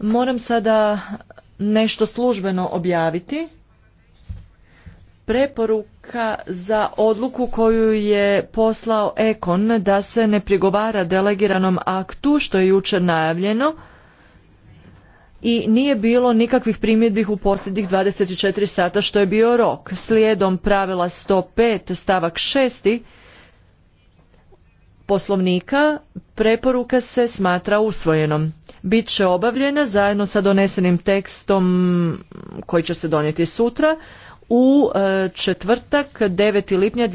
Moram sada nešto službeno objaviti. Preporuka za odluku koju je poslao Ekon da se ne prigovara delegiranom aktu što je jučer najavljeno i nije bilo nikakvih primjedbi u posljednjih 24 sata što je bio rok. Slijedom pravila 105 stavak 6 poslovnika preporuka se smatra usvojenom bit će obavljena zajedno sa donesenim tekstom koji će se donijeti sutra u e, četvrtak 9. lipnja